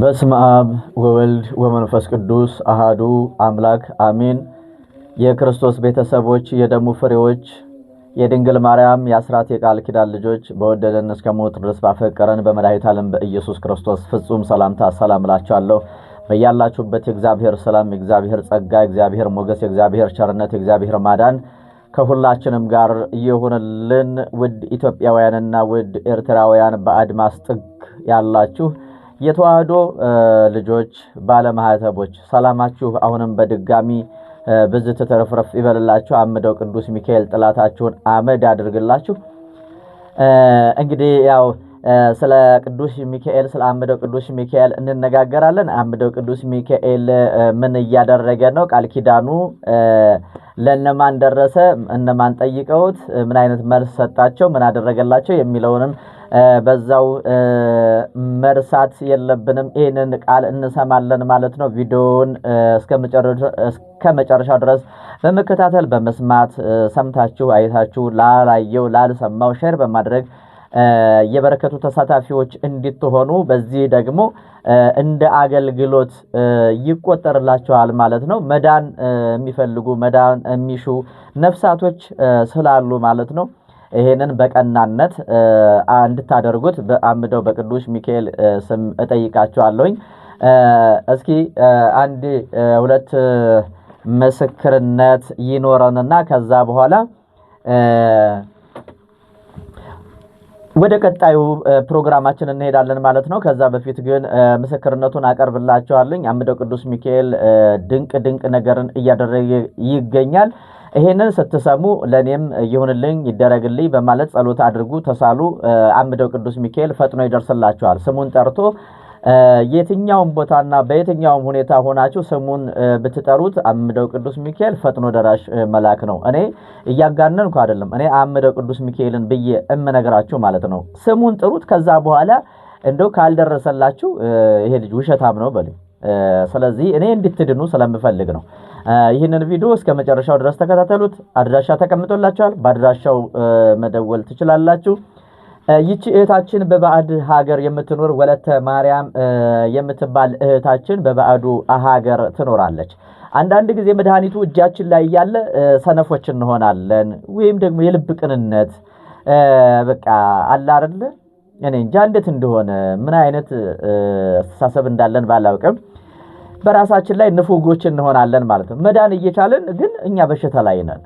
በስመ አብ ወወልድ ወመንፈስ ቅዱስ አሃዱ አምላክ አሜን። የክርስቶስ ቤተሰቦች፣ የደሙ ፍሬዎች፣ የድንግል ማርያም የአስራት የቃል ኪዳን ልጆች በወደደን እስከ ሞት ድረስ ባፈቀረን በመድኃኒተ ዓለም በኢየሱስ ክርስቶስ ፍጹም ሰላምታ ሰላም እላችኋለሁ። በያላችሁበት የእግዚአብሔር ሰላም፣ የእግዚአብሔር ጸጋ፣ የእግዚአብሔር ሞገስ፣ የእግዚአብሔር ቸርነት፣ የእግዚአብሔር ማዳን ከሁላችንም ጋር ይሁንልን። ውድ ኢትዮጵያውያንና ውድ ኤርትራውያን በአድማስ ጥግ ያላችሁ የተዋህዶ ልጆች ባለማህተቦች ሰላማችሁ አሁንም በድጋሚ ብዝ ትተረፍረፍ ይበልላችሁ። አምደው ቅዱስ ሚካኤል ጥላታችሁን አመድ ያድርግላችሁ። እንግዲህ ያው ስለ ቅዱስ ሚካኤል ስለ አምደው ቅዱስ ሚካኤል እንነጋገራለን። አምደው ቅዱስ ሚካኤል ምን እያደረገ ነው? ቃል ኪዳኑ ለእነማን ደረሰ? እነማን ጠይቀውት? ምን አይነት መልስ ሰጣቸው? ምን አደረገላቸው? የሚለውንም በዛው መርሳት የለብንም። ይህንን ቃል እንሰማለን ማለት ነው። ቪዲዮውን እስከ መጨረሻው ድረስ በመከታተል በመስማት ሰምታችሁ አይታችሁ ላላየው ላልሰማው ሼር በማድረግ የበረከቱ ተሳታፊዎች እንድትሆኑ በዚህ ደግሞ እንደ አገልግሎት ይቆጠርላቸዋል ማለት ነው። መዳን የሚፈልጉ መዳን የሚሹ ነፍሳቶች ስላሉ ማለት ነው ይሄንን በቀናነት እንድታደርጉት በአምደው በቅዱስ ሚካኤል ስም እጠይቃችኋለሁኝ። እስኪ አንድ ሁለት ምስክርነት ይኖረንና ከዛ በኋላ ወደ ቀጣዩ ፕሮግራማችን እንሄዳለን ማለት ነው። ከዛ በፊት ግን ምስክርነቱን አቀርብላችኋለኝ። አምደው ቅዱስ ሚካኤል ድንቅ ድንቅ ነገርን እያደረገ ይገኛል። ይሄንን ስትሰሙ ለእኔም ይሁንልኝ ይደረግልኝ በማለት ጸሎት አድርጉ፣ ተሳሉ። አምደው ቅዱስ ሚካኤል ፈጥኖ ይደርስላችኋል። ስሙን ጠርቶ የትኛውም ቦታና በየትኛውም ሁኔታ ሆናችሁ ስሙን ብትጠሩት አምደው ቅዱስ ሚካኤል ፈጥኖ ደራሽ መልአክ ነው። እኔ እያጋነንኩ አይደለም። እኔ አምደው ቅዱስ ሚካኤልን ብዬ እምነግራችሁ ማለት ነው። ስሙን ጥሩት። ከዛ በኋላ እንደው ካልደረሰላችሁ ይሄ ልጅ ውሸታም ነው በሉ። ስለዚህ እኔ እንድትድኑ ስለምፈልግ ነው። ይህንን ቪዲዮ እስከ መጨረሻው ድረስ ተከታተሉት። አድራሻ ተቀምጦላችኋል። በአድራሻው መደወል ትችላላችሁ። ይቺ እህታችን በባዕድ ሀገር የምትኖር ወለተ ማርያም የምትባል እህታችን በባዕዱ ሀገር ትኖራለች። አንዳንድ ጊዜ መድኃኒቱ እጃችን ላይ እያለ ሰነፎች እንሆናለን፣ ወይም ደግሞ የልብ ቅንነት በቃ አላርል እኔ እንጃ እንዴት እንደሆነ ምን አይነት አስተሳሰብ እንዳለን ባላውቅም በራሳችን ላይ ንፉጎች እንሆናለን ማለት ነው። መዳን እየቻለን ግን እኛ በሽታ ላይ ነን።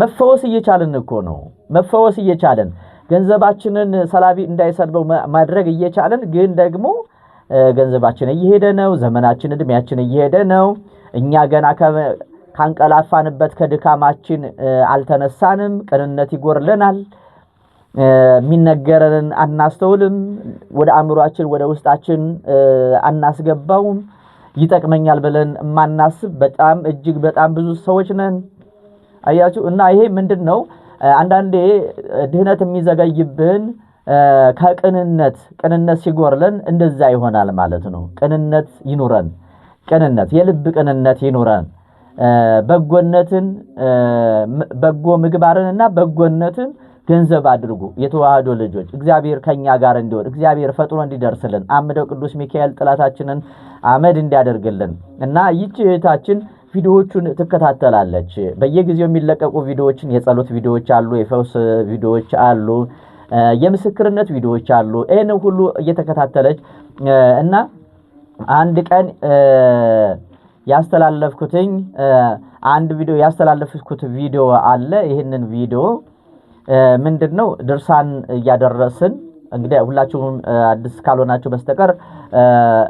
መፈወስ እየቻልን እኮ ነው። መፈወስ እየቻለን ገንዘባችንን ሰላቢ እንዳይሰድበው ማድረግ እየቻለን ግን ደግሞ ገንዘባችን እየሄደ ነው። ዘመናችን እድሜያችን እየሄደ ነው። እኛ ገና ካንቀላፋንበት ከድካማችን አልተነሳንም። ቅንነት ይጎርለናል። የሚነገረንን አናስተውልም። ወደ አእምሯችን ወደ ውስጣችን አናስገባውም። ይጠቅመኛል ብለን የማናስብ በጣም እጅግ በጣም ብዙ ሰዎች ነን። አያችሁ እና ይሄ ምንድን ነው? አንዳንዴ ድህነት የሚዘገይብን ከቅንነት ቅንነት ሲጎርለን እንደዛ ይሆናል ማለት ነው። ቅንነት ይኑረን፣ ቅንነት የልብ ቅንነት ይኑረን። በጎነትን በጎ ምግባርንና በጎነትን ገንዘብ አድርጉ የተዋህዶ ልጆች እግዚአብሔር ከኛ ጋር እንዲሆን እግዚአብሔር ፈጥኖ እንዲደርስልን አምደው ቅዱስ ሚካኤል ጥላታችንን አመድ እንዲያደርግልን እና ይቺ እህታችን ቪዲዮዎቹን ትከታተላለች። በየጊዜው የሚለቀቁ ቪዲዮዎችን የጸሎት ቪዲዮዎች አሉ፣ የፈውስ ቪዲዮዎች አሉ፣ የምስክርነት ቪዲዮዎች አሉ። ይህን ሁሉ እየተከታተለች እና አንድ ቀን ያስተላለፍኩትኝ አንድ ቪዲዮ ያስተላለፍኩት ቪዲዮ አለ። ይህንን ቪዲዮ ምንድን ነው ድርሳን እያደረስን እንግዲህ ሁላችሁም አዲስ ካልሆናችሁ በስተቀር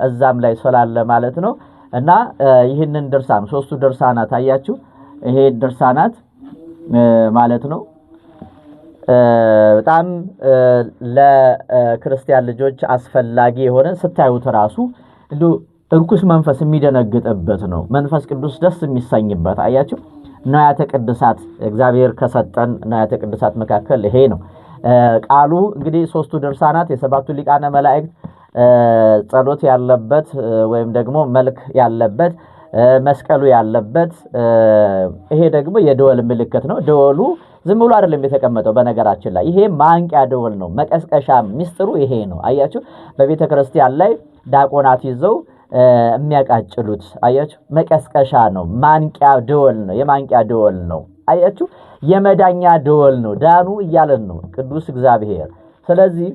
እዛም ላይ ስላለ ማለት ነው እና ይህንን ድርሳን ሶስቱ ድርሳናት አያችሁ። ይሄ ድርሳናት ማለት ነው በጣም ለክርስቲያን ልጆች አስፈላጊ የሆነ ስታዩት ራሱ እንዲሁ እርኩስ መንፈስ የሚደነግጥበት ነው። መንፈስ ቅዱስ ደስ የሚሰኝበት አያችሁ። ንዋያተ ቅዱሳት እግዚአብሔር ከሰጠን ንዋያተ ቅዱሳት መካከል ይሄ ነው። ቃሉ እንግዲህ ሶስቱ ድርሳናት የሰባቱ ሊቃነ መላእክት ጸሎት ያለበት ወይም ደግሞ መልክ ያለበት መስቀሉ ያለበት ይሄ ደግሞ የደወል ምልክት ነው። ደወሉ ዝም ብሎ አይደለም የተቀመጠው። በነገራችን ላይ ይሄ ማንቂያ ደወል ነው፣ መቀስቀሻ ሚስጥሩ ይሄ ነው። አያችሁ በቤተ ክርስቲያን ላይ ዲያቆናት ይዘው የሚያቃጭሉት አያችሁ፣ መቀስቀሻ ነው። ማንቂያ ደወል ነው። የማንቂያ ደወል ነው። አያችሁ፣ የመዳኛ ደወል ነው። ዳኑ እያለን ነው ቅዱስ እግዚአብሔር። ስለዚህ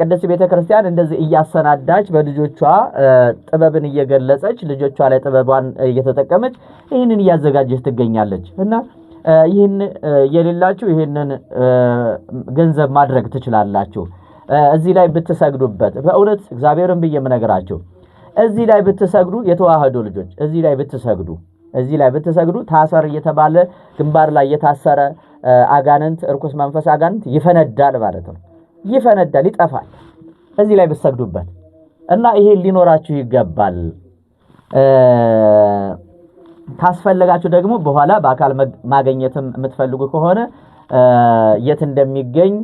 ቅድስት ቤተ ክርስቲያን እንደዚህ እያሰናዳች በልጆቿ ጥበብን እየገለጸች ልጆቿ ላይ ጥበቧን እየተጠቀመች ይህንን እያዘጋጀች ትገኛለች እና ይህን የሌላችሁ ይህንን ገንዘብ ማድረግ ትችላላችሁ። እዚህ ላይ ብትሰግዱበት በእውነት እግዚአብሔርን ብዬ የምነግራችሁ እዚህ ላይ ብትሰግዱ የተዋህዶ ልጆች እዚህ ላይ ብትሰግዱ እዚህ ላይ ብትሰግዱ ታሰር እየተባለ ግንባር ላይ የታሰረ አጋንንት እርኩስ መንፈስ አጋንንት ይፈነዳል ማለት ነው። ይፈነዳል፣ ይጠፋል። እዚህ ላይ ብትሰግዱበት እና ይሄ ሊኖራችሁ ይገባል። ካስፈለጋችሁ ደግሞ በኋላ በአካል ማገኘትም የምትፈልጉ ከሆነ የት እንደሚገኝ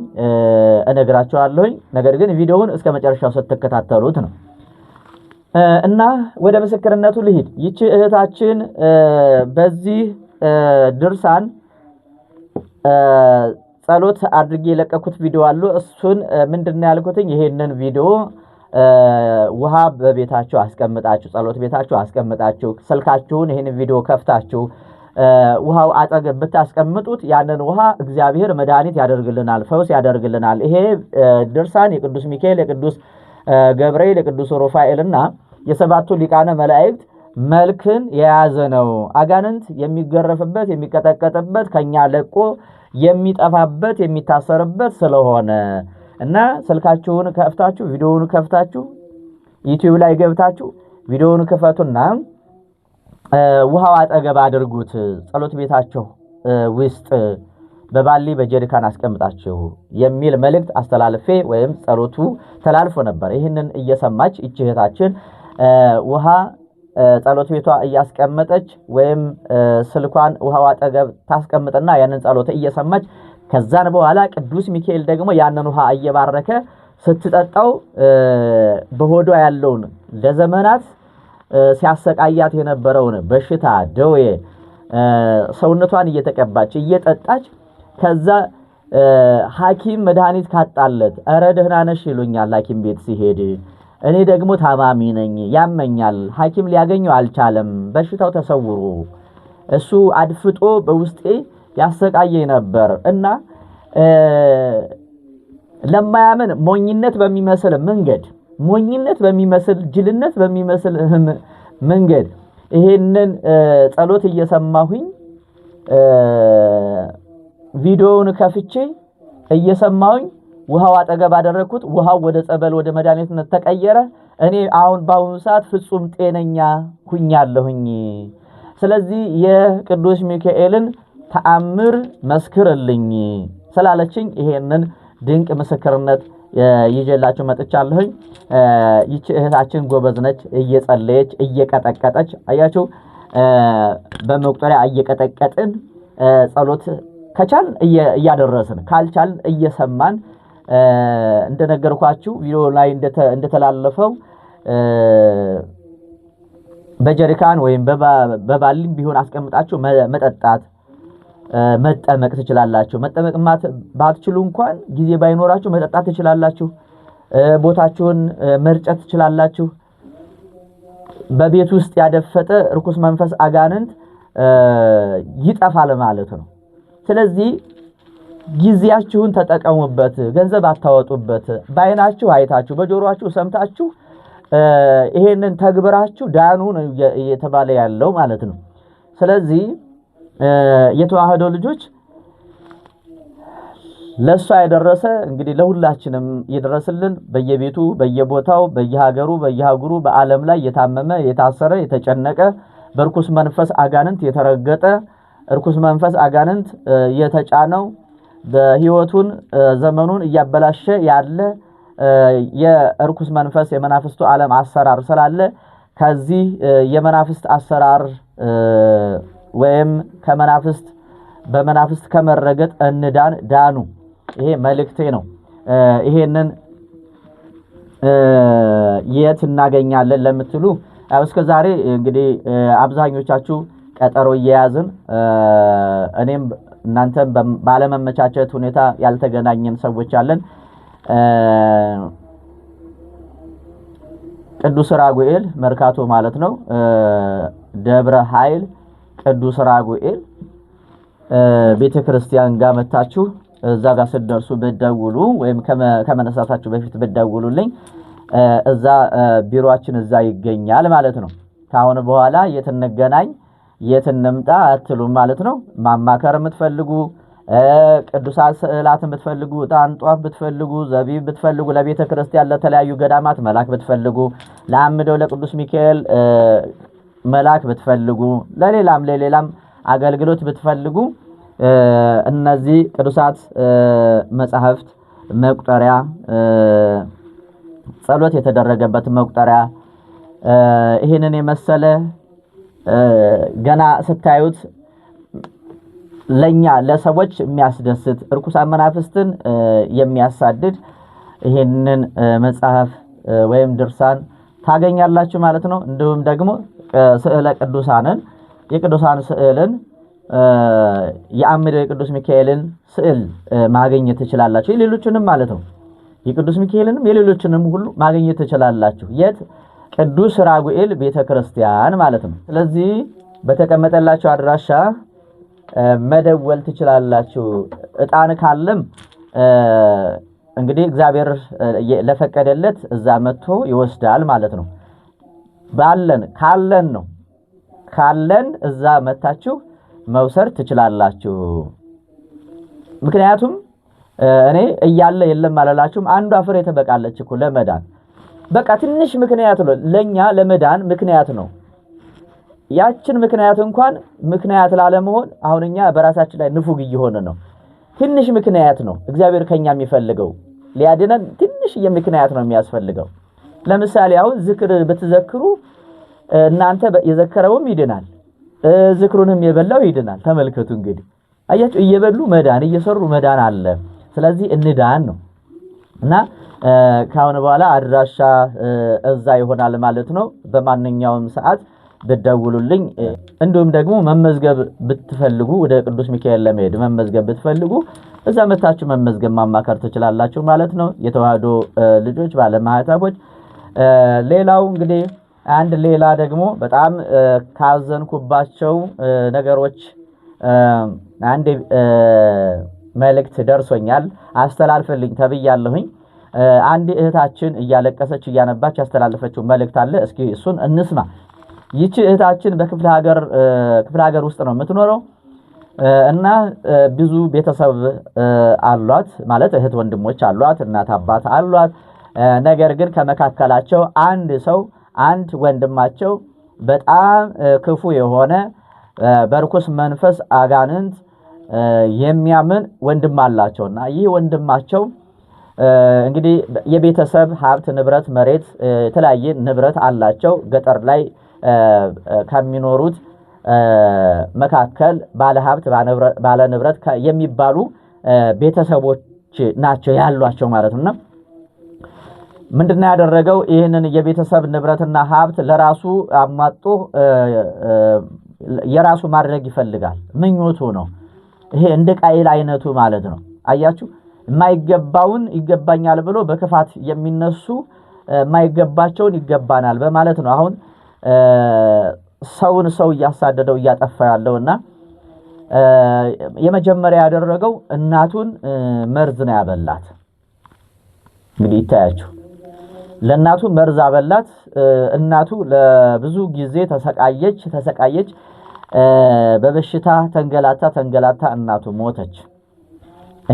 እነግራችኋለሁኝ። ነገር ግን ቪዲዮውን እስከ መጨረሻው ስትከታተሉት ነው። እና ወደ ምስክርነቱ ልሂድ። ይቺ እህታችን በዚህ ድርሳን ጸሎት አድርጌ የለቀኩት ቪዲዮ አሉ። እሱን ምንድነው ያልኩትኝ? ይሄንን ቪዲዮ ውሃ በቤታችሁ አስቀምጣችሁ፣ ጸሎት ቤታችሁ አስቀምጣችሁ፣ ስልካችሁን ይህን ቪዲዮ ከፍታችሁ ውሃው አጠገብ ብታስቀምጡት ያንን ውሃ እግዚአብሔር መድኃኒት ያደርግልናል፣ ፈውስ ያደርግልናል። ይሄ ድርሳን የቅዱስ ሚካኤል የቅዱስ ገብርኤል የቅዱስ ሩፋኤልና የሰባቱ ሊቃነ መላእክት መልክን የያዘ ነው። አጋንንት የሚገረፍበት የሚቀጠቀጥበት ከኛ ለቆ የሚጠፋበት የሚታሰርበት ስለሆነ እና ስልካችሁን ከፍታችሁ ቪዲዮውን ከፍታችሁ ዩቲዩብ ላይ ገብታችሁ ቪዲዮውን ክፈቱና ውሃው አጠገብ አድርጉት ጸሎት ቤታቸው ውስጥ በባሊ በጀሪካን አስቀምጣችሁ የሚል መልእክት አስተላልፌ ወይም ጸሎቱ ተላልፎ ነበር። ይህንን እየሰማች ይች ውሃ ጸሎት ቤቷ እያስቀመጠች ወይም ስልኳን ውሃው አጠገብ ታስቀምጥና ያንን ጸሎት እየሰማች ከዛን በኋላ ቅዱስ ሚካኤል ደግሞ ያንን ውሃ እየባረከ ስትጠጣው በሆዷ ያለውን ለዘመናት ሲያሰቃያት የነበረውን በሽታ ደዌ ሰውነቷን እየተቀባች እየጠጣች ከዛ ሐኪም መድኃኒት ካጣለት ኧረ ደህና ነሽ ይሉኛል ሐኪም ቤት ሲሄድ እኔ ደግሞ ታማሚ ነኝ፣ ያመኛል። ሐኪም ሊያገኘው አልቻለም። በሽታው ተሰውሮ እሱ አድፍጦ በውስጤ ያሰቃየኝ ነበር እና ለማያምን ሞኝነት በሚመስል መንገድ ሞኝነት በሚመስል ጅልነት በሚመስል መንገድ ይሄንን ጸሎት እየሰማሁኝ ቪዲዮውን ከፍቼ እየሰማሁኝ ውሃው አጠገብ አደረግኩት። ውሃው ወደ ጸበል ወደ መድኃኒትነት ተቀየረ። እኔ አሁን በአሁኑ ሰዓት ፍጹም ጤነኛ ሁኛለሁኝ። ስለዚህ የቅዱስ ሚካኤልን ተአምር መስክርልኝ ስላለችኝ ይሄንን ድንቅ ምስክርነት ይዤላችሁ መጥቻለሁኝ። ይቺ እህታችን ጎበዝ ነች። እየጸለየች እየቀጠቀጠች አያችሁ፣ በመቁጠሪያ እየቀጠቀጥን ጸሎት ከቻል እያደረስን ካልቻል እየሰማን እንደነገርኳችሁ ቪዲዮ ላይ እንደተላለፈው በጀሪካን ወይም በባሊም ቢሆን አስቀምጣችሁ መጠጣት መጠመቅ ትችላላችሁ። መጠመቅ ባትችሉ እንኳን ጊዜ ባይኖራችሁ መጠጣት ትችላላችሁ። ቦታችሁን መርጨት ትችላላችሁ። በቤት ውስጥ ያደፈጠ ርኩስ መንፈስ አጋንንት ይጠፋል ማለት ነው። ስለዚህ ጊዜያችሁን ተጠቀሙበት፣ ገንዘብ አታወጡበት። በአይናችሁ አይታችሁ በጆሮችሁ ሰምታችሁ ይሄንን ተግብራችሁ ዳኑ ነው እየተባለ ያለው ማለት ነው። ስለዚህ የተዋህዶ ልጆች ለእሷ የደረሰ እንግዲህ ለሁላችንም ይደረስልን። በየቤቱ በየቦታው በየሀገሩ በየሀገሩ በዓለም ላይ የታመመ የታሰረ የተጨነቀ በርኩስ መንፈስ አጋንንት የተረገጠ እርኩስ መንፈስ አጋንንት የተጫነው በህይወቱን ዘመኑን እያበላሸ ያለ የእርኩስ መንፈስ የመናፍስቱ ዓለም አሰራር ስላለ ከዚህ የመናፍስት አሰራር ወይም ከመናፍስት በመናፍስት ከመረገጥ እንዳን ዳኑ። ይሄ መልእክቴ ነው። ይሄንን የት እናገኛለን ለምትሉ እስከ ዛሬ እንግዲህ አብዛኞቻችሁ ቀጠሮ እየያዝን እኔም እናንተም ባለመመቻቸት ሁኔታ ያልተገናኘን ሰዎች አለን። ቅዱስ ራጉኤል መርካቶ ማለት ነው። ደብረ ኃይል ቅዱስ ራጉኤል ቤተ ክርስቲያን ጋር መታችሁ እዛ ጋር ስትደርሱ ብደውሉ ወይም ከመነሳታችሁ በፊት ብደውሉልኝ እዛ ቢሮችን እዛ ይገኛል ማለት ነው። ከአሁን በኋላ የት እንገናኝ የት እንምጣ አትሉም ማለት ነው። ማማከር የምትፈልጉ ቅዱሳት ስዕላት ብትፈልጉ፣ ዕጣን ጧፍ ብትፈልጉ፣ ዘቢብ ብትፈልጉ፣ ለቤተ ክርስቲያን ለተለያዩ ገዳማት መላክ ብትፈልጉ፣ ለአምደው ለቅዱስ ሚካኤል መላክ ብትፈልጉ፣ ለሌላም ለሌላም አገልግሎት ብትፈልጉ እነዚህ ቅዱሳት መጻሕፍት መቁጠሪያ ጸሎት የተደረገበት መቁጠሪያ ይህንን የመሰለ ገና ስታዩት ለኛ ለሰዎች የሚያስደስት እርኩሳን መናፍስትን የሚያሳድድ ይህንን መጽሐፍ ወይም ድርሳን ታገኛላችሁ ማለት ነው። እንዲሁም ደግሞ ስዕለ ቅዱሳንን የቅዱሳን ስዕልን የአምደው የቅዱስ ሚካኤልን ስዕል ማግኘት ትችላላችሁ። የሌሎችንም ማለት ነው። የቅዱስ ሚካኤልንም የሌሎችንም ሁሉ ማግኘት ትችላላችሁ። የት ቅዱስ ራጉኤል ቤተ ክርስቲያን ማለት ነው። ስለዚህ በተቀመጠላችሁ አድራሻ መደወል ትችላላችሁ። እጣን ካለም እንግዲህ እግዚአብሔር ለፈቀደለት እዛ መጥቶ ይወስዳል ማለት ነው። ባለን ካለን ነው ካለን እዛ መታችሁ መውሰድ ትችላላችሁ። ምክንያቱም እኔ እያለ የለም አላላችሁም። አንዷ ፍሬ ትበቃለች እኮ ለመዳን በቃ ትንሽ ምክንያት ነው፣ ለኛ ለመዳን ምክንያት ነው። ያችን ምክንያት እንኳን ምክንያት ላለመሆን አሁን እኛ በራሳችን ላይ ንፉግ እየሆነ ነው። ትንሽ ምክንያት ነው እግዚአብሔር ከኛ የሚፈልገው ሊያድነን ትንሽዬ ምክንያት ነው የሚያስፈልገው። ለምሳሌ አሁን ዝክር ብትዘክሩ እናንተ የዘከረውም ይድናል፣ ዝክሩንም የበላው ይድናል። ተመልከቱ እንግዲህ አያችሁ፣ እየበሉ መዳን እየሰሩ መዳን አለ። ስለዚህ እንዳን ነው። እና ከአሁን በኋላ አድራሻ እዛ ይሆናል ማለት ነው። በማንኛውም ሰዓት ብደውሉልኝ፣ እንዲሁም ደግሞ መመዝገብ ብትፈልጉ ወደ ቅዱስ ሚካኤል ለመሄድ መመዝገብ ብትፈልጉ እዛ መታችሁ መመዝገብ ማማከር ትችላላችሁ ማለት ነው። የተዋህዶ ልጆች ባለማህተቦች። ሌላው እንግዲህ አንድ ሌላ ደግሞ በጣም ካዘንኩባቸው ነገሮች አንድ መልእክት ደርሶኛል አስተላልፈልኝ ተብያለሁኝ። አንድ እህታችን እያለቀሰች እያነባች ያስተላለፈችው መልእክት አለ። እስኪ እሱን እንስማ። ይቺ እህታችን በክፍለ ሀገር ክፍለ ሀገር ውስጥ ነው የምትኖረው እና ብዙ ቤተሰብ አሏት፣ ማለት እህት ወንድሞች አሏት፣ እናት አባት አሏት። ነገር ግን ከመካከላቸው አንድ ሰው አንድ ወንድማቸው በጣም ክፉ የሆነ በርኩስ መንፈስ አጋንንት የሚያምን ወንድም አላቸው እና ይህ ወንድማቸው እንግዲህ የቤተሰብ ሀብት ንብረት፣ መሬት፣ የተለያየ ንብረት አላቸው። ገጠር ላይ ከሚኖሩት መካከል ባለ ሀብት ባለ ንብረት የሚባሉ ቤተሰቦች ናቸው ያሏቸው ማለት ነው። ምንድነው ያደረገው? ይህንን የቤተሰብ ንብረትና ሀብት ለራሱ አሟጦ የራሱ ማድረግ ይፈልጋል። ምኞቱ ነው። ይሄ እንደ ቃይል አይነቱ ማለት ነው። አያችሁ የማይገባውን ይገባኛል ብሎ በክፋት የሚነሱ የማይገባቸውን ይገባናል በማለት ነው። አሁን ሰውን ሰው እያሳደደው እያጠፋ ያለው እና የመጀመሪያ ያደረገው እናቱን መርዝ ነው ያበላት። እንግዲህ ይታያችሁ ለእናቱ መርዝ አበላት። እናቱ ለብዙ ጊዜ ተሰቃየች ተሰቃየች። በበሽታ ተንገላታ ተንገላታ እናቱ ሞተች።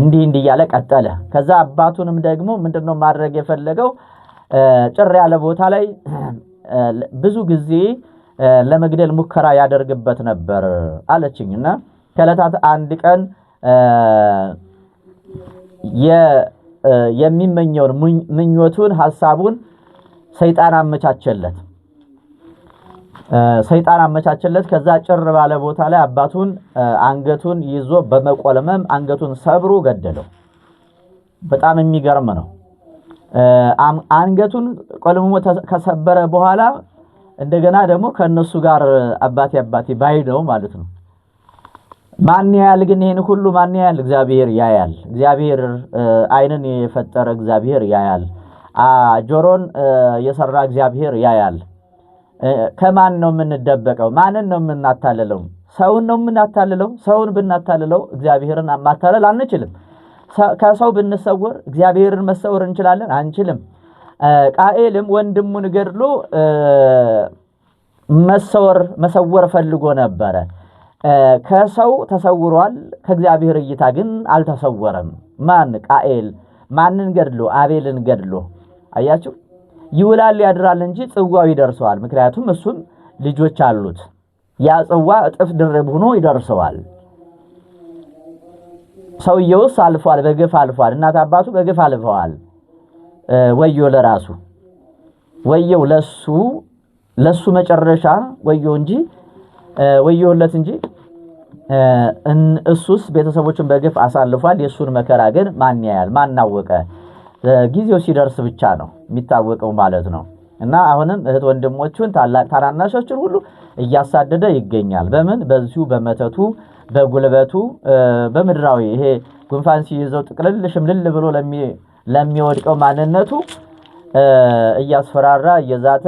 እንዲህ እንዲህ እያለ ቀጠለ። ከዛ አባቱንም ደግሞ ምንድነው ማድረግ የፈለገው ጭር ያለ ቦታ ላይ ብዙ ጊዜ ለመግደል ሙከራ ያደርግበት ነበር አለችኝ እና ከዕለታት አንድ ቀን የሚመኘውን ምኞቱን ሀሳቡን ሰይጣን አመቻቸለት። ሰይጣን አመቻቸለት። ከዛ ጭር ባለ ቦታ ላይ አባቱን አንገቱን ይዞ በመቆለመም አንገቱን ሰብሮ ገደለው። በጣም የሚገርም ነው። አንገቱን ቆልሞ ከሰበረ በኋላ እንደገና ደግሞ ከእነሱ ጋር አባቴ አባቴ ባይ ነው ማለት ነው። ማን ያያል ግን ይህን ሁሉ ማን ያያል? እግዚአብሔር ያያል። እግዚአብሔር አይንን የፈጠረ እግዚአብሔር ያያል። ጆሮን የሰራ እግዚአብሔር ያያል። ከማን ነው የምንደበቀው? ማንን ነው የምናታልለው? ሰውን ነው የምናታልለው። ሰውን ብናታልለው እግዚአብሔርን ማታለል አንችልም። ከሰው ብንሰወር እግዚአብሔርን መሰወር እንችላለን? አንችልም። ቃኤልም ወንድሙን ገድሎ መሰወር መሰወር ፈልጎ ነበረ። ከሰው ተሰውሯል፣ ከእግዚአብሔር እይታ ግን አልተሰወረም። ማን ቃኤል ማንን ገድሎ? አቤልን ገድሎ አያችሁ። ይውላል ያድራል እንጂ ጽዋው ይደርሰዋል። ምክንያቱም እሱም ልጆች አሉት። ያ ጽዋ እጥፍ ድርብ ሆኖ ይደርሰዋል። ሰውየውስ አልፏል፣ በግፍ አልፏል። እናት አባቱ በግፍ አልፈዋል። ወዮ ለራሱ ወየው ለሱ ለሱ መጨረሻ ወዮ እንጂ ወዮለት እንጂ እሱስ ቤተሰቦቹን በግፍ አሳልፏል። የእሱን መከራ ግን ማን ያያል? ማን አወቀ? ጊዜው ሲደርስ ብቻ ነው የሚታወቀው ማለት ነው። እና አሁንም እህት ወንድሞቹን ታላቅ ታናናሾችን ሁሉ እያሳደደ ይገኛል። በምን በዚሁ በመተቱ በጉልበቱ በምድራዊ ይሄ ጉንፋን ሲይዘው ጥቅልል ሽምልል ብሎ ለሚወድቀው ማንነቱ እያስፈራራ እየዛተ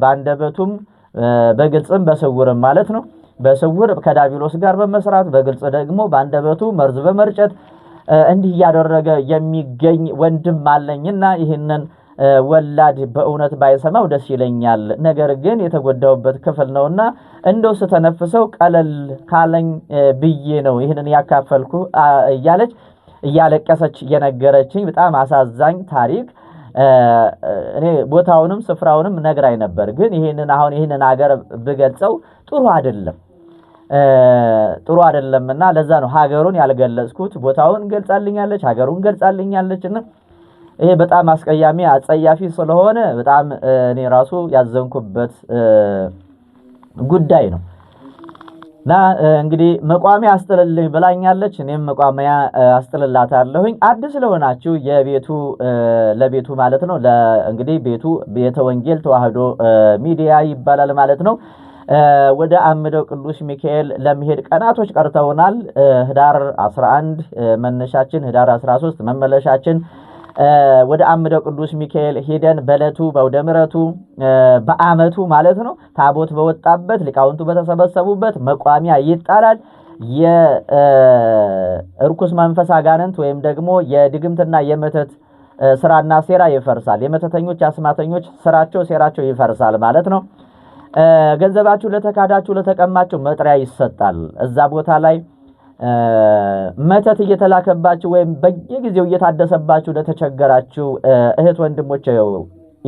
በአንደበቱም በግልጽም በስውርም ማለት ነው። በስውር ከዳቢሎስ ጋር በመስራት በግልጽ ደግሞ በአንደበቱ መርዝ በመርጨት እንዲህ እያደረገ የሚገኝ ወንድም አለኝና ይህንን ወላድ በእውነት ባይሰማው ደስ ይለኛል። ነገር ግን የተጎዳውበት ክፍል ነውና እንደው ስተነፍሰው ቀለል ካለኝ ብዬ ነው ይህንን ያካፈልኩ እያለች እያለቀሰች የነገረችኝ በጣም አሳዛኝ ታሪክ። እኔ ቦታውንም ስፍራውንም ነግራኝ ነበር፣ ግን ይህንን አሁን ይህንን ሀገር ብገልጸው ጥሩ አይደለም። ጥሩ አይደለም እና ለዛ ነው ሀገሩን ያልገለጽኩት። ቦታውን ገልጻልኛለች፣ ሀገሩን ገልጻልኛለች እና ይሄ በጣም አስቀያሚ አጸያፊ ስለሆነ በጣም እኔ ራሱ ያዘንኩበት ጉዳይ ነው እና እንግዲህ መቋሚያ አስጥልልኝ ብላኛለች። እኔም መቋሚያ አስጥልላታለሁኝ። አዲስ ለሆናችሁ የቤቱ ለቤቱ ማለት ነው እንግዲህ ቤቱ ቤተ ወንጌል ተዋህዶ ሚዲያ ይባላል ማለት ነው። ወደ አምደው ቅዱስ ሚካኤል ለመሄድ ቀናቶች ቀርተውናል። ህዳር 11 መነሻችን፣ ህዳር 13 መመለሻችን ወደ አምደው ቅዱስ ሚካኤል ሄደን በዕለቱ በአውደ ምሕረቱ በዓመቱ ማለት ነው ታቦት በወጣበት ሊቃውንቱ በተሰበሰቡበት መቋሚያ ይጣላል። የእርኩስ መንፈስ አጋንንት ወይም ደግሞ የድግምትና የመተት ስራና ሴራ ይፈርሳል። የመተተኞች አስማተኞች ስራቸው ሴራቸው ይፈርሳል ማለት ነው። ገንዘባችሁ ለተካዳችሁ ለተቀማችሁ መጥሪያ ይሰጣል። እዛ ቦታ ላይ መተት እየተላከባችሁ ወይም በየጊዜው እየታደሰባችሁ ለተቸገራችሁ እህት ወንድሞች፣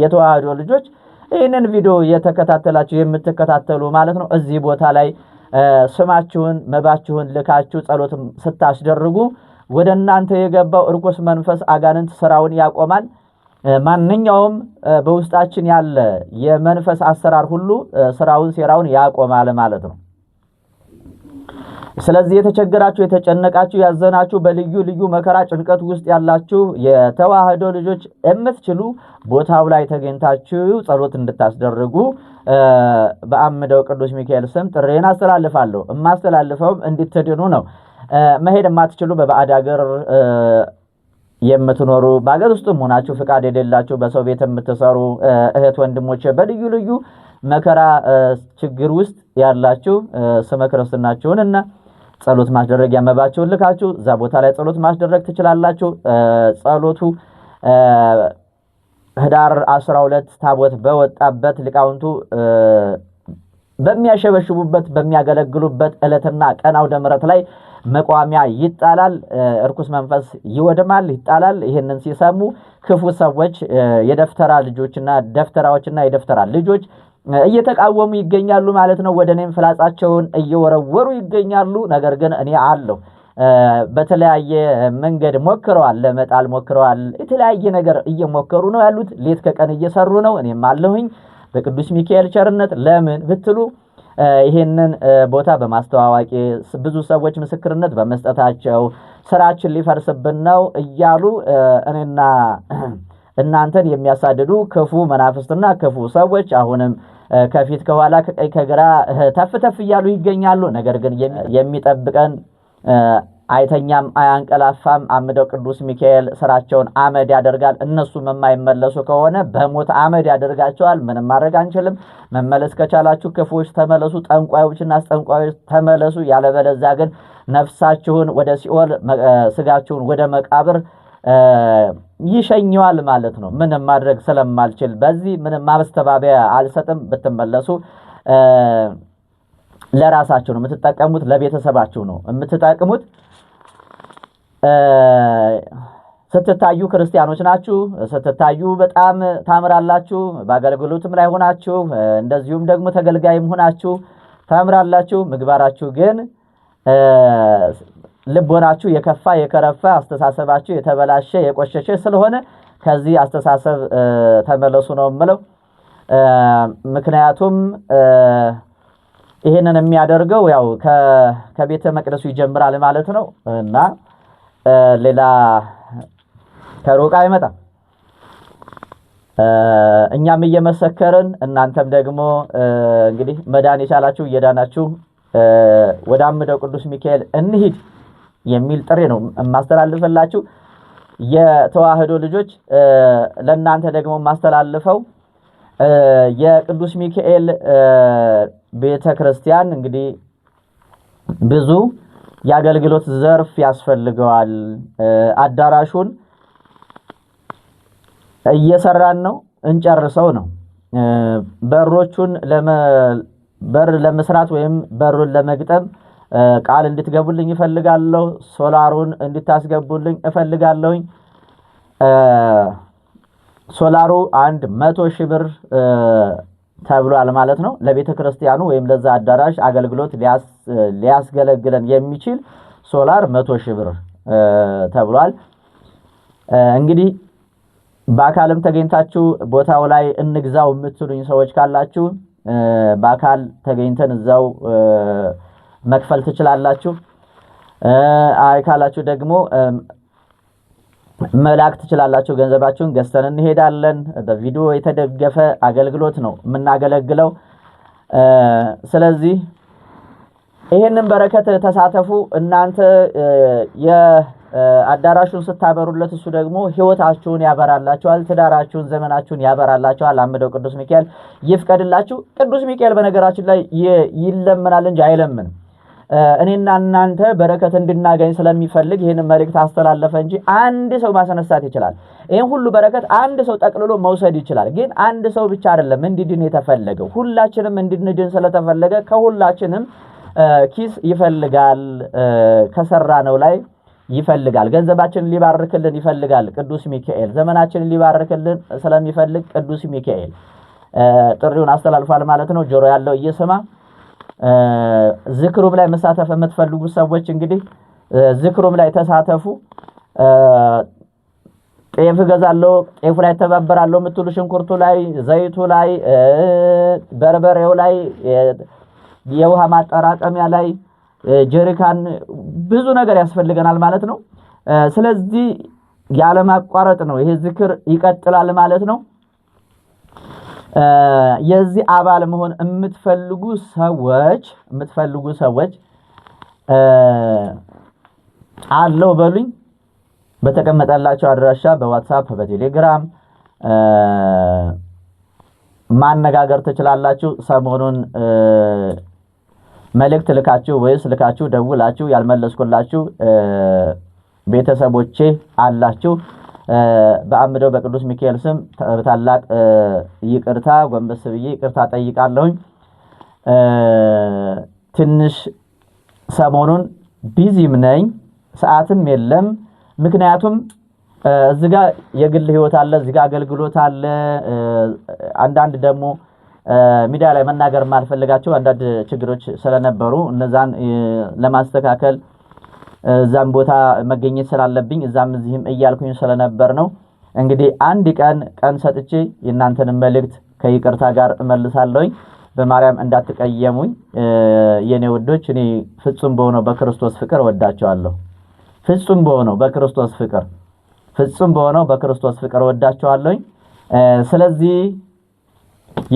የተዋህዶ ልጆች ይህንን ቪዲዮ የተከታተላችሁ የምትከታተሉ ማለት ነው። እዚህ ቦታ ላይ ስማችሁን መባችሁን ልካችሁ ጸሎትም ስታስደርጉ ወደ እናንተ የገባው እርኩስ መንፈስ አጋንንት ስራውን ያቆማል። ማንኛውም በውስጣችን ያለ የመንፈስ አሰራር ሁሉ ስራውን፣ ሴራውን ያቆማል ማለት ነው። ስለዚህ የተቸገራችሁ፣ የተጨነቃችሁ፣ ያዘናችሁ፣ በልዩ ልዩ መከራ ጭንቀት ውስጥ ያላችሁ የተዋህዶ ልጆች የምትችሉ ቦታው ላይ ተገኝታችሁ ጸሎት እንድታስደርጉ በአምደው ቅዱስ ሚካኤል ስም ጥሬን አስተላልፋለሁ። የማስተላልፈውም እንድትድኑ ነው። መሄድ የማትችሉ በባዕድ ሀገር የምትኖሩ በሀገር ውስጥም ሆናችሁ ፍቃድ የሌላችሁ በሰው ቤት የምትሰሩ እህት ወንድሞች በልዩ ልዩ መከራ ችግር ውስጥ ያላችሁ ስመ ክርስትናችሁን እና ጸሎት ማስደረግ ያመባችሁን ልካችሁ እዛ ቦታ ላይ ጸሎት ማስደረግ ትችላላችሁ። ጸሎቱ ህዳር 12 ታቦት በወጣበት ሊቃውንቱ በሚያሸበሽቡበት በሚያገለግሉበት ዕለትና ቀን አውደ ምሕረት ላይ መቋሚያ ይጣላል፣ እርኩስ መንፈስ ይወድማል፣ ይጣላል። ይህንን ሲሰሙ ክፉ ሰዎች የደፍተራ ልጆችና ደፍተራዎችና የደፍተራ ልጆች እየተቃወሙ ይገኛሉ ማለት ነው። ወደ እኔም ፍላጻቸውን እየወረወሩ ይገኛሉ። ነገር ግን እኔ አለሁ። በተለያየ መንገድ ሞክረዋል፣ ለመጣል ሞክረዋል። የተለያየ ነገር እየሞከሩ ነው ያሉት። ሌት ከቀን እየሰሩ ነው። እኔም አለሁኝ በቅዱስ ሚካኤል ቸርነት። ለምን ብትሉ ይህንን ቦታ በማስተዋወቂ ብዙ ሰዎች ምስክርነት በመስጠታቸው ስራችን ሊፈርስብን ነው እያሉ እኔና እናንተን የሚያሳድዱ ክፉ መናፍስትና ክፉ ሰዎች አሁንም ከፊት ከኋላ ከቀኝ ከግራ ተፍ ተፍ እያሉ ይገኛሉ። ነገር ግን የሚጠብቀን አይተኛም አያንቀላፋም። አምደው ቅዱስ ሚካኤል ስራቸውን አመድ ያደርጋል። እነሱም የማይመለሱ ከሆነ በሞት አመድ ያደርጋቸዋል። ምንም ማድረግ አንችልም። መመለስ ከቻላችሁ ክፉዎች ተመለሱ፣ ጠንቋዮችና አስጠንቋዮች ተመለሱ። ያለበለዚያ ግን ነፍሳችሁን ወደ ሲኦል ስጋችሁን ወደ መቃብር ይሸኘዋል ማለት ነው። ምንም ማድረግ ስለማልችል በዚህ ምንም ማስተባበያ አልሰጥም። ብትመለሱ ለራሳችሁ ነው የምትጠቀሙት፣ ለቤተሰባችሁ ነው የምትጠቅሙት። ስትታዩ ክርስቲያኖች ናችሁ፣ ስትታዩ በጣም ታምራላችሁ። በአገልግሎትም ላይ ሆናችሁ እንደዚሁም ደግሞ ተገልጋይም ሆናችሁ ታምራላችሁ። ምግባራችሁ ግን ልቦናችሁ የከፋ የከረፋ፣ አስተሳሰባችሁ የተበላሸ የቆሸሸ ስለሆነ ከዚህ አስተሳሰብ ተመለሱ ነው የምለው። ምክንያቱም ይህንን የሚያደርገው ያው ከቤተ መቅደሱ ይጀምራል ማለት ነው እና ሌላ ከሩቅ አይመጣም። እኛም እየመሰከርን እናንተም ደግሞ እንግዲህ መዳን የቻላችሁ እየዳናችሁ ወደ አምደው ቅዱስ ሚካኤል እንሂድ የሚል ጥሪ ነው የማስተላልፈላችሁ። የተዋህዶ ልጆች ለእናንተ ደግሞ የማስተላልፈው የቅዱስ ሚካኤል ቤተ ክርስቲያን እንግዲህ ብዙ የአገልግሎት ዘርፍ ያስፈልገዋል። አዳራሹን እየሰራን ነው፣ እንጨርሰው ነው። በሮቹን በር ለመስራት ወይም በሩን ለመግጠም ቃል እንድትገቡልኝ እፈልጋለሁ። ሶላሩን እንድታስገቡልኝ እፈልጋለሁኝ። ሶላሩ አንድ መቶ ሺህ ብር ተብሏል ማለት ነው። ለቤተ ክርስቲያኑ ወይም ለዛ አዳራሽ አገልግሎት ሊያስ ሊያስገለግለን የሚችል ሶላር መቶ ሺህ ብር ተብሏል። እንግዲህ በአካልም ተገኝታችሁ ቦታው ላይ እንግዛው የምትሉኝ ሰዎች ካላችሁ በአካል ተገኝተን እዛው መክፈል ትችላላችሁ። አይ ካላችሁ ደግሞ መላክ ትችላላችሁ። ገንዘባችሁን ገዝተን እንሄዳለን። በቪዲዮ የተደገፈ አገልግሎት ነው የምናገለግለው። ስለዚህ ይህንን በረከት ተሳተፉ። እናንተ የአዳራሹን ስታበሩለት እሱ ደግሞ ህይወታችሁን ያበራላችኋል፣ ትዳራችሁን፣ ዘመናችሁን ያበራላችኋል። አምደው ቅዱስ ሚካኤል ይፍቀድላችሁ። ቅዱስ ሚካኤል በነገራችን ላይ ይለምናል እንጂ አይለምንም። እኔና እናንተ በረከት እንድናገኝ ስለሚፈልግ ይህን መልእክት አስተላለፈ እንጂ አንድ ሰው ማስነሳት ይችላል። ይህን ሁሉ በረከት አንድ ሰው ጠቅልሎ መውሰድ ይችላል። ግን አንድ ሰው ብቻ አይደለም እንዲድን የተፈለገው፣ ሁላችንም እንድንድን ስለተፈለገ ከሁላችንም ኪስ ይፈልጋል። ከሰራ ነው ላይ ይፈልጋል። ገንዘባችንን ሊባርክልን ይፈልጋል ቅዱስ ሚካኤል። ዘመናችንን ሊባርክልን ስለሚፈልግ ቅዱስ ሚካኤል ጥሪውን አስተላልፏል ማለት ነው። ጆሮ ያለው እየሰማ ዝክሩም ላይ መሳተፍ የምትፈልጉ ሰዎች እንግዲህ ዝክሩም ላይ ተሳተፉ። ጤፍ እገዛለሁ፣ ጤፉ ላይ ተባበራለሁ የምትሉ ሽንኩርቱ ላይ፣ ዘይቱ ላይ፣ በርበሬው ላይ የውሃ ማጠራቀሚያ ላይ ጀሪካን ብዙ ነገር ያስፈልገናል ማለት ነው። ስለዚህ ያለማቋረጥ ነው ይሄ ዝክር ይቀጥላል ማለት ነው። የዚህ አባል መሆን የምትፈልጉ ሰዎች የምትፈልጉ ሰዎች አለው በሉኝ። በተቀመጠላቸው አድራሻ በዋትሳፕ በቴሌግራም ማነጋገር ትችላላችሁ። ሰሞኑን መልእክት ልካችሁ ወይስ ልካችሁ ደውላችሁ ያልመለስኩላችሁ ቤተሰቦቼ አላችሁ። በአምደው በቅዱስ ሚካኤል ስም ታላቅ ይቅርታ ጎንበስ ብዬ ይቅርታ ጠይቃለሁኝ። ትንሽ ሰሞኑን ቢዚም ነኝ፣ ሰዓትም የለም። ምክንያቱም እዚጋ የግል ህይወት አለ፣ እዚጋ አገልግሎት አለ። አንዳንድ ደግሞ ሚዲያ ላይ መናገር የማልፈልጋቸው አንዳንድ ችግሮች ስለነበሩ እነዛን ለማስተካከል እዛም ቦታ መገኘት ስላለብኝ እዛም እዚህም እያልኩኝ ስለነበር ነው። እንግዲህ አንድ ቀን ቀን ሰጥቼ የእናንተን መልእክት ከይቅርታ ጋር እመልሳለሁኝ። በማርያም እንዳትቀየሙኝ የኔ ውዶች፣ እኔ ፍጹም በሆነው በክርስቶስ ፍቅር ወዳቸዋለሁ። ፍጹም በሆነው በክርስቶስ ፍቅር ፍጹም በሆነው በክርስቶስ ፍቅር ወዳቸዋለሁኝ። ስለዚህ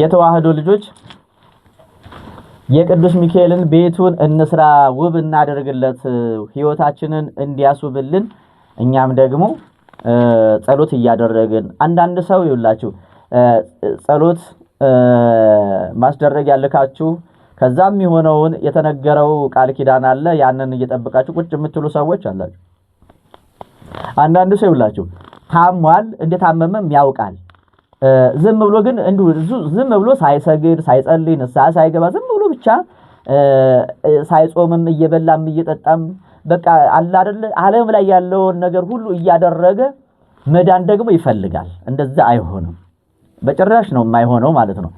የተዋህዶ ልጆች የቅዱስ ሚካኤልን ቤቱን እንስራ፣ ውብ እናደርግለት፣ ህይወታችንን እንዲያስውብልን እኛም ደግሞ ጸሎት እያደረግን አንዳንድ ሰው ይውላችሁ ጸሎት ማስደረግ ያልካችሁ ከዛም የሆነውን የተነገረው ቃል ኪዳን አለ። ያንን እየጠበቃችሁ ቁጭ የምትሉ ሰዎች አላችሁ። አንዳንዱ ሰው ይውላችሁ ታሟል፣ እንደታመመም ያውቃል። ዝም ብሎ ግን እንዲሁ ዝም ብሎ ሳይሰግድ ሳይጸልይ ንስሐ ሳይገባ ዝም ብሎ ብቻ ሳይጾምም እየበላም እየጠጣም በቃ አለ አይደለ ዓለም ላይ ያለውን ነገር ሁሉ እያደረገ መዳን ደግሞ ይፈልጋል። እንደዛ አይሆንም፣ በጭራሽ ነው የማይሆነው ማለት ነው።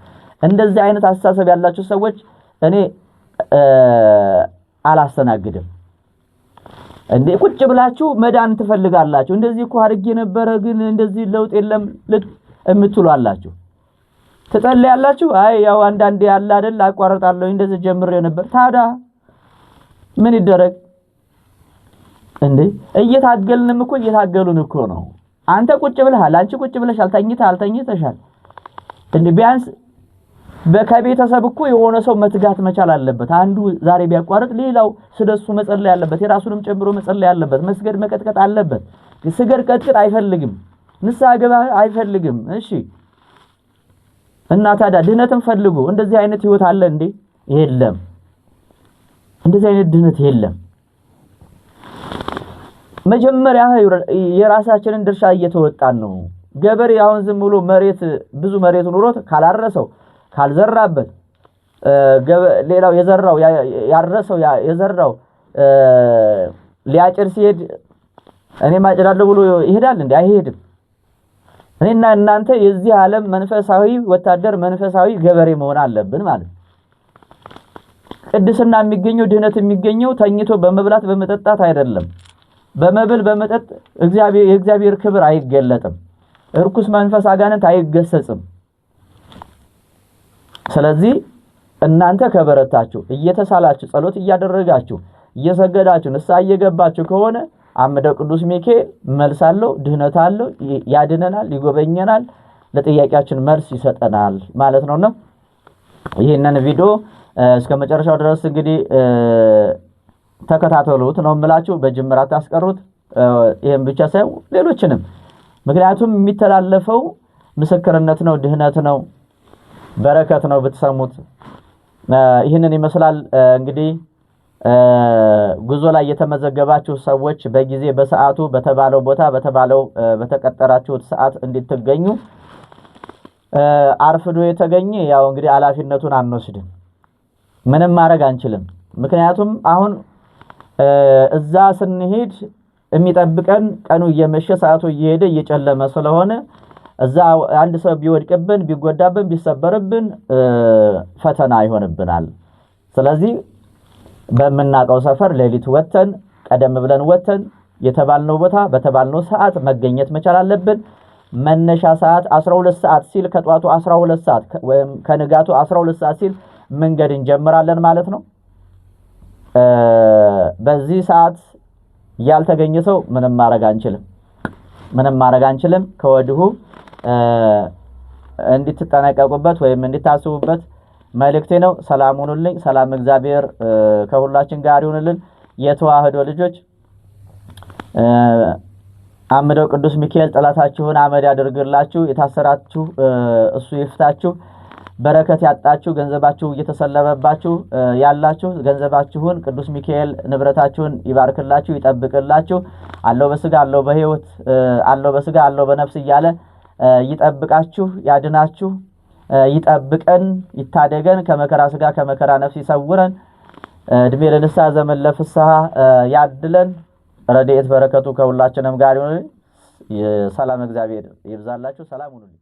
እንደዚህ አይነት አስተሳሰብ ያላቸው ሰዎች እኔ አላስተናግድም። እንዴ ቁጭ ብላችሁ መዳን ትፈልጋላችሁ። እንደዚህ እኮ አድርጌ ነበረ ግን እንደዚህ ለውጥ የለም የምትሉ አላችሁ። ትጸልያላችሁ። አይ ያው አንዳንዴ ያለ አይደል አቋርጣለሁ፣ እንደዚህ ጀምሬ ነበር። ታዲያ ምን ይደረግ እንዴ? እየታገልንም እኮ እየታገሉን እኮ ነው። አንተ ቁጭ ብለሃል፣ አንቺ ቁጭ ብለሻል፣ ተኝተሃል፣ ተኝተሻል። እንዴ ቢያንስ ከቤተሰብ እኮ የሆነ ሰው መትጋት መቻል አለበት። አንዱ ዛሬ ቢያቋርጥ ሌላው ስለሱ መጸለይ አለበት። የራሱንም ጨምሮ መጸለይ አለበት። መስገድ መቀጥቀጥ አለበት። ስገድ ቀጥቅጥ አይፈልግም። ንስሐ ገባ አይፈልግም። እሺ እና ታዲያ ድህነትን ፈልጉ። እንደዚህ አይነት ህይወት አለ እንዴ? የለም። እንደዚህ አይነት ድህነት የለም። መጀመሪያ የራሳችንን ድርሻ እየተወጣን ነው። ገበሬ አሁን ዝም ብሎ መሬት ብዙ መሬት ኑሮት ካላረሰው ካልዘራበት ሌላው የዘራው ያረሰው የዘራው ሊያጭር ሲሄድ እኔ ማጭዳለሁ ብሎ ይሄዳል እንዴ? አይሄድም። እኔና እናንተ የዚህ ዓለም መንፈሳዊ ወታደር መንፈሳዊ ገበሬ መሆን አለብን ማለት ነው። ቅድስና የሚገኘው ድህነት የሚገኘው ተኝቶ በመብላት በመጠጣት አይደለም። በመብል በመጠጥ የእግዚአብሔር ክብር አይገለጥም። እርኩስ መንፈስ አጋንንት አይገሰጽም። ስለዚህ እናንተ ከበረታችሁ፣ እየተሳላችሁ፣ ጸሎት እያደረጋችሁ፣ እየሰገዳችሁ፣ ንስሐ እየገባችሁ ከሆነ አምደው ቅዱስ ሚካኤል መልስ አለው፣ ድህነት አለው፣ ያድነናል፣ ይጎበኘናል፣ ለጥያቄያችን መልስ ይሰጠናል ማለት ነውና ይህንን ቪዲዮ እስከ መጨረሻው ድረስ እንግዲህ ተከታተሉት ነው የምላችሁ። በጅምር አታስቀሩት። ይህም ብቻ ሳይሆን ሌሎችንም፣ ምክንያቱም የሚተላለፈው ምስክርነት ነው፣ ድህነት ነው፣ በረከት ነው ብትሰሙት። ይህንን ይመስላል እንግዲህ ጉዞ ላይ የተመዘገባችሁ ሰዎች በጊዜ በሰዓቱ በተባለው ቦታ በተባለው በተቀጠራችሁት ሰዓት እንድትገኙ። አርፍዶ የተገኘ ያው እንግዲህ ኃላፊነቱን አንወስድም፣ ምንም ማድረግ አንችልም። ምክንያቱም አሁን እዛ ስንሄድ የሚጠብቀን ቀኑ እየመሸ ሰዓቱ እየሄደ እየጨለመ ስለሆነ እዛ አንድ ሰው ቢወድቅብን ቢጎዳብን ቢሰበርብን ፈተና ይሆንብናል። ስለዚህ በምናውቀው ሰፈር ሌሊት ወተን ቀደም ብለን ወተን የተባልነው ቦታ በተባልነው ሰዓት መገኘት መቻል አለብን። መነሻ ሰዓት 12 ሰዓት ሲል ከጧቱ 12 ሰዓት ወይም ከንጋቱ 12 ሰዓት ሲል መንገድ እንጀምራለን ማለት ነው። በዚህ ሰዓት ያልተገኘ ሰው ምንም ማድረግ አንችልም፣ ምንም ማድረግ አንችልም። ከወዲሁ እንድትጠነቀቁበት ወይም እንድታስቡበት መልእክቴ ነው። ሰላም ሁኑልኝ። ሰላም እግዚአብሔር ከሁላችን ጋር ይሁንልን። የተዋህዶ ልጆች አምደው ቅዱስ ሚካኤል ጠላታችሁን አመድ ያደርግላችሁ፣ የታሰራችሁ እሱ ይፍታችሁ፣ በረከት ያጣችሁ ገንዘባችሁ እየተሰለበባችሁ ያላችሁ ገንዘባችሁን ቅዱስ ሚካኤል ንብረታችሁን ይባርክላችሁ፣ ይጠብቅላችሁ። አለው በስጋ አለው በህይወት አለው በስጋ አለው በነፍስ እያለ ይጠብቃችሁ፣ ያድናችሁ። ይጠብቀን ይታደገን፣ ከመከራ ስጋ ከመከራ ነፍስ ይሰውረን፣ እድሜ ለንስሐ ዘመን ለፍስሐ ያድለን። ረድኤት በረከቱ ከሁላችንም ጋር ይሁን። ሰላም እግዚአብሔር ይብዛላችሁ። ሰላም ሁኑልኝ።